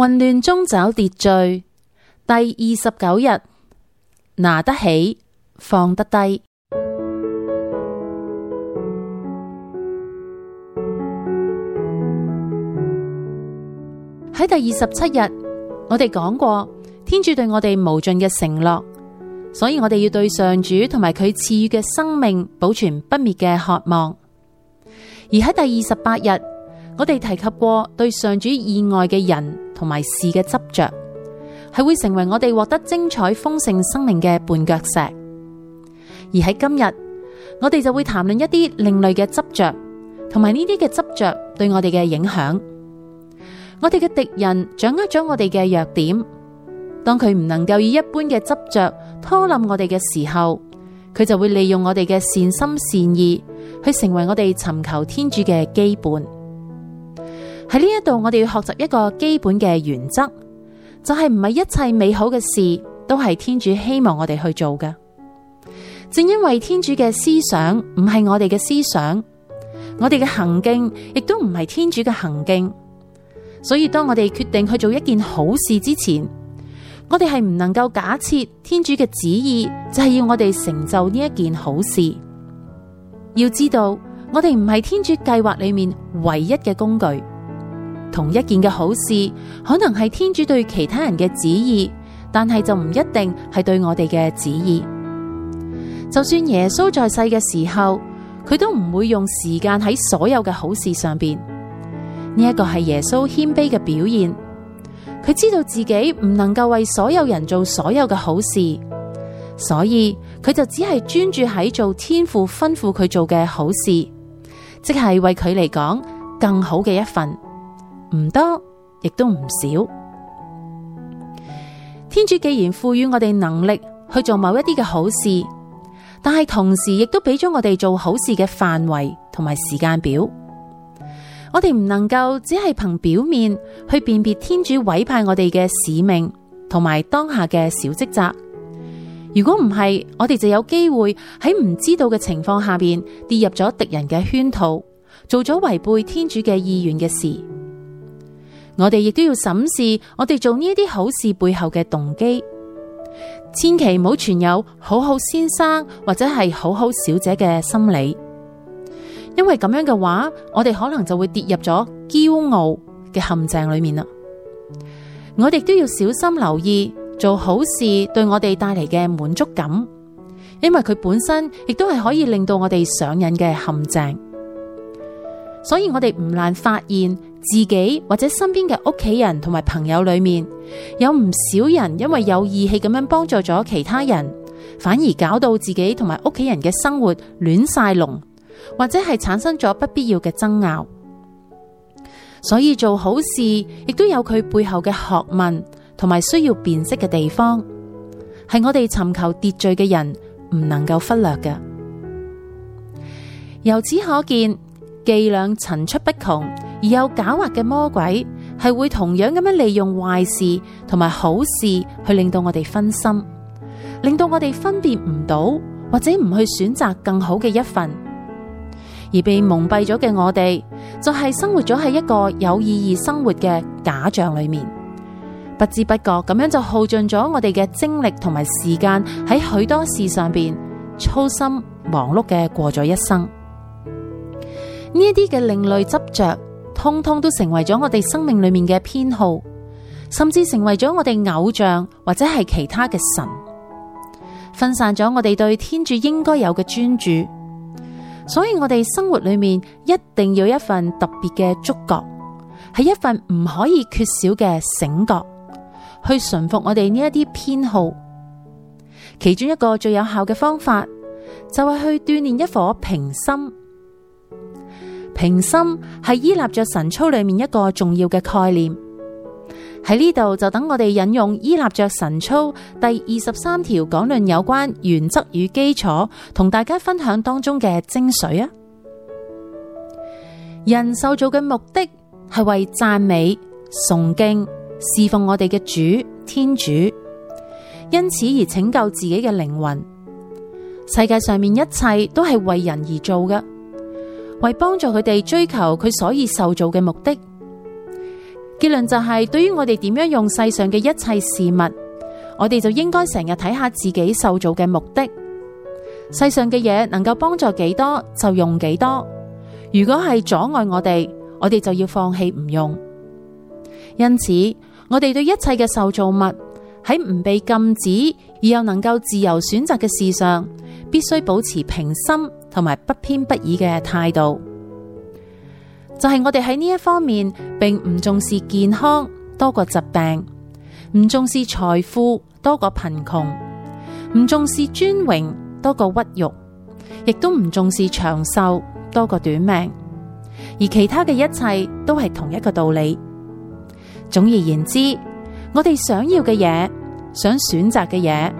混亂中找秩序。第二十九日拿得起，放得低。喺 第二十七日，我哋講過天主對我哋無盡嘅承諾，所以我哋要對上主同埋佢賜予嘅生命保存不滅嘅渴望。而喺第二十八日，我哋提及過對上主意外嘅人，同埋事嘅執着，係會成為我哋獲得精彩豐盛生命嘅絆腳石。而喺今日，我哋就會談論一啲另類嘅執着，同埋呢啲嘅執着對我哋嘅影響。我哋嘅敵人掌握咗我哋嘅弱點，當佢唔能夠以一般嘅執着拖冧我哋嘅時候，佢就會利用我哋嘅善心善意，去成為我哋尋求天主嘅羈絆。喺呢一度，我哋要學習一個基本嘅原則，就係唔係一切美好嘅事都係天主希望我哋去做嘅。正因為天主嘅思想唔係我哋嘅思想，我哋嘅行徑亦都唔係天主嘅行徑，所以當我哋決定去做一件好事之前，我哋係唔能夠假設天主嘅旨意就係要我哋成就呢一件好事。要知道，我哋唔係天主計劃裏面唯一嘅工具。同一件嘅好事，可能係天主對其他人嘅旨意，但係就唔一定係對我哋嘅旨意。就算耶穌在世嘅時候，佢都唔會用時間喺所有嘅好事上邊。呢一個係耶穌謙卑嘅表現。佢知道自己唔能夠為所有人做所有嘅好事，所以佢就只係專注喺做天父吩咐佢做嘅好事，即係為佢嚟講更好嘅一份。唔多，亦都唔少。天主既然賦予我哋能力去做某一啲嘅好事，但係同時亦都俾咗我哋做好事嘅範圍同埋時間表。我哋唔能夠只係憑表面去辨別天主委派我哋嘅使命同埋當下嘅小職責。如果唔係，我哋就有機會喺唔知道嘅情況下邊跌入咗敵人嘅圈套，做咗違背天主嘅意願嘅事。我哋亦都要審視我哋做呢啲好事背後嘅動機，千祈唔好存有好好先生或者係好好小姐嘅心理，因為咁樣嘅話，我哋可能就會跌入咗驕傲嘅陷阱裏面啦。我哋都要小心留意做好事對我哋帶嚟嘅滿足感，因為佢本身亦都係可以令到我哋上癮嘅陷阱。所以我哋唔難發現自己或者身邊嘅屋企人同埋朋友裏面有唔少人，因為有義氣咁樣幫助咗其他人，反而搞到自己同埋屋企人嘅生活亂晒龍，或者係產生咗不必要嘅爭拗。所以做好事亦都有佢背後嘅學問，同埋需要辨識嘅地方，係我哋尋求秩序嘅人唔能夠忽略嘅。由此可見，伎倆層出不窮，而又狡猾嘅魔鬼係會同樣咁樣利用壞事同埋好事去令到我哋分心，令到我哋分辨唔到或者唔去選擇更好嘅一份，而被蒙蔽咗嘅我哋就係生活咗喺一個有意義生活嘅假象裏面，不知不覺咁樣就耗盡咗我哋嘅精力同埋時間喺許多事上邊操心忙碌嘅過咗一生。呢一啲嘅另類執着，通通都成為咗我哋生命裏面嘅偏好，甚至成為咗我哋偶像或者係其他嘅神，分散咗我哋對天主應該有嘅專注。所以我哋生活裏面一定要一份特別嘅觸覺，係一份唔可以缺少嘅醒覺，去馴服我哋呢一啲偏好。其中一個最有效嘅方法，就係、是、去鍛煉一顆平心。平心係依納爵神操裏面一個重要嘅概念，喺呢度就等我哋引用依納爵神操第二十三條講論有關原則與基礎，同大家分享當中嘅精髓啊！人受造嘅目的係為讚美、崇敬、侍奉我哋嘅主天主，因此而拯救自己嘅靈魂。世界上面一切都係為人而做嘅。為幫助佢哋追求佢所以受造嘅目的，結論就係對於我哋點樣用世上嘅一切事物，我哋就應該成日睇下自己受造嘅目的。世上嘅嘢能夠幫助幾多就用幾多，如果係阻礙我哋，我哋就要放棄唔用。因此，我哋對一切嘅受造物，喺唔被禁止而又能夠自由選擇嘅事上，必須保持平心。同埋不偏不倚嘅態度，就係我哋喺呢一方面，並唔重視健康多過疾病，唔重視財富多過貧窮，唔重視尊榮多過屈辱，亦都唔重視長壽多過短命，而其他嘅一切都係同一個道理。總而言之，我哋想要嘅嘢，想選擇嘅嘢，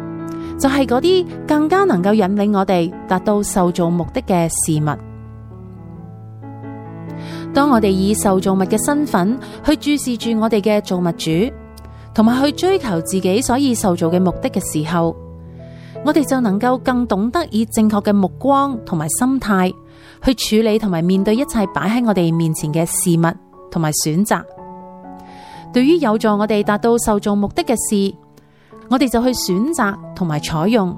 就係嗰啲更加能夠引領我哋達到受造目的嘅事物。當我哋以受造物嘅身份去注視住我哋嘅造物主，同埋去追求自己所以受造嘅目的嘅時候，我哋就能夠更懂得以正確嘅目光同埋心態去處理同埋面對一切擺喺我哋面前嘅事物同埋選擇。對於有助我哋達到受造目的嘅事。我哋就去選擇同埋採用，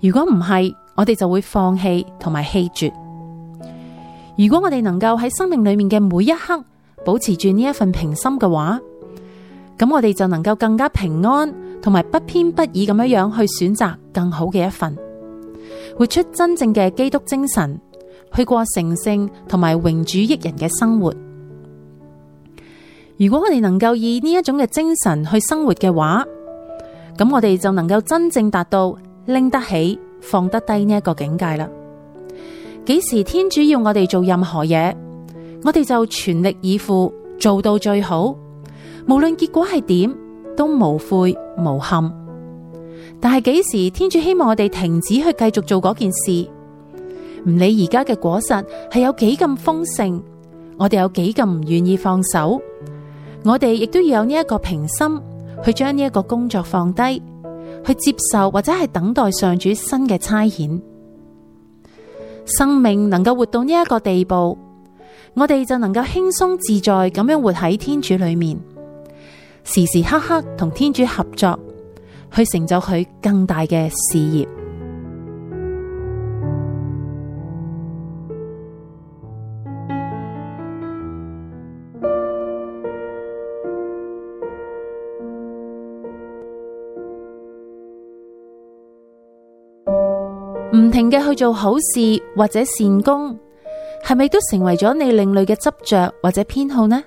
如果唔係，我哋就會放棄同埋棄絕。如果我哋能夠喺生命裏面嘅每一刻保持住呢一份平心嘅話，咁我哋就能夠更加平安同埋不偏不倚咁樣樣去選擇更好嘅一份，活出真正嘅基督精神，去過成聖同埋榮主益人嘅生活。如果我哋能夠以呢一種嘅精神去生活嘅話，咁我哋就能夠真正達到拎得起、放得低呢一個境界啦。幾時天主要我哋做任何嘢，我哋就全力以赴，做到最好，無論結果係點都無悔無憾。但係幾時天主希望我哋停止去繼續做嗰件事，唔理而家嘅果實係有幾咁豐盛，我哋有幾咁唔願意放手，我哋亦都要有呢一個平心。去將呢一個工作放低，去接受或者係等待上主新嘅差遣，生命能夠活到呢一個地步，我哋就能夠輕鬆自在咁樣活喺天主裏面，時時刻刻同天主合作，去成就佢更大嘅事業。唔停嘅去做好事或者善工，係咪都成為咗你另類嘅執着或者偏好呢？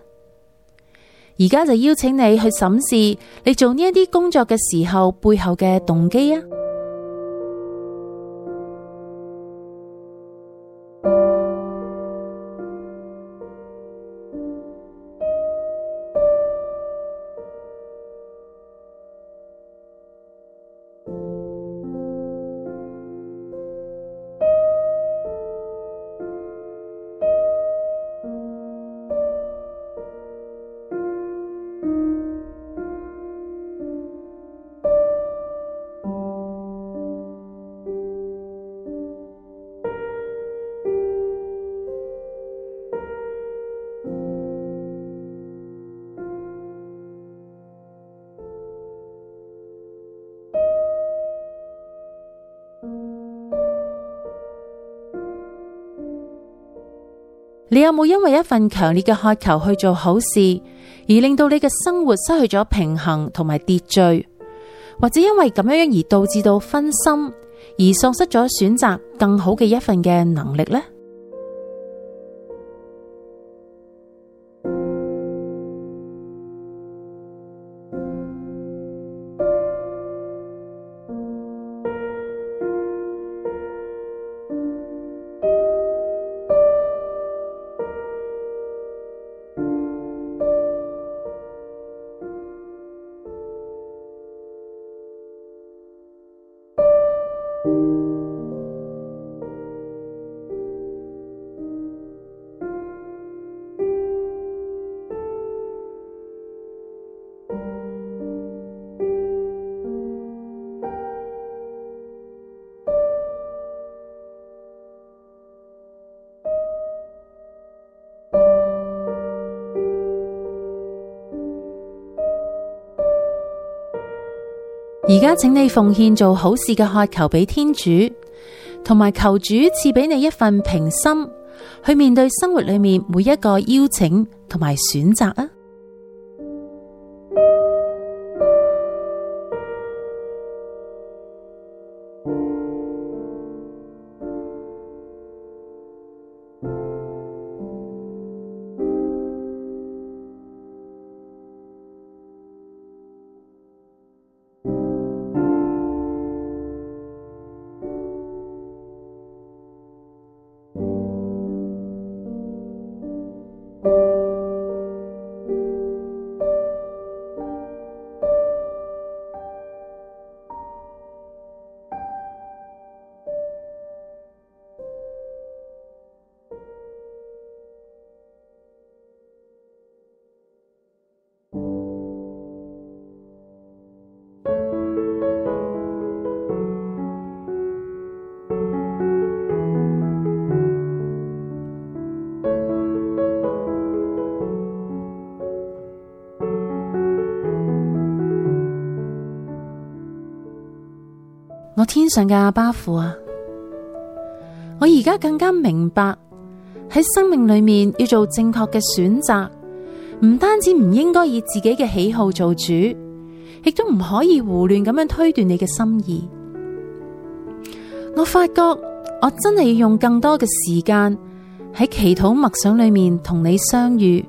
而家就邀請你去審視你做呢一啲工作嘅時候背後嘅動機啊！你有冇因為一份強烈嘅渴求去做好事，而令到你嘅生活失去咗平衡同埋秩序，或者因為咁樣樣而導致到分心，而喪失咗選擇更好嘅一份嘅能力呢？而家請你奉獻做好事嘅渴求俾天主，同埋求主賜俾你一份平心去面對生活裏面每一個邀請同埋選擇啊！天上嘅阿巴父啊，啊，我而家更加明白，喺生命裏面要做正確嘅選擇，唔單止唔應該以自己嘅喜好做主，亦都唔可以胡亂咁樣推斷你嘅心意。我發覺我真係要用更多嘅時間喺祈禱默想裏面同你相遇，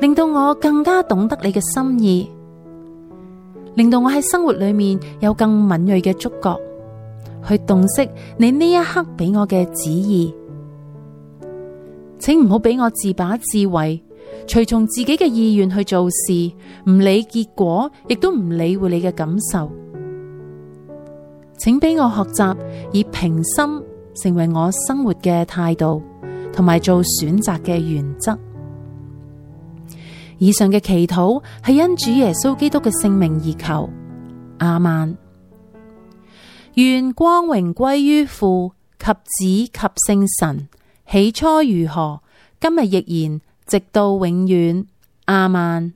令到我更加懂得你嘅心意。令到我喺生活裏面有更敏銳嘅觸覺，去洞悉你呢一刻俾我嘅旨意。請唔好俾我自把自為，隨從自己嘅意願去做事，唔理結果，亦都唔理會你嘅感受。請俾我學習以平心成為我生活嘅態度，同埋做選擇嘅原則。以上嘅祈禱係因主耶穌基督嘅姓名而求，阿曼。願光榮歸於父及子及聖神，起初如何，今日亦然，直到永遠，阿曼。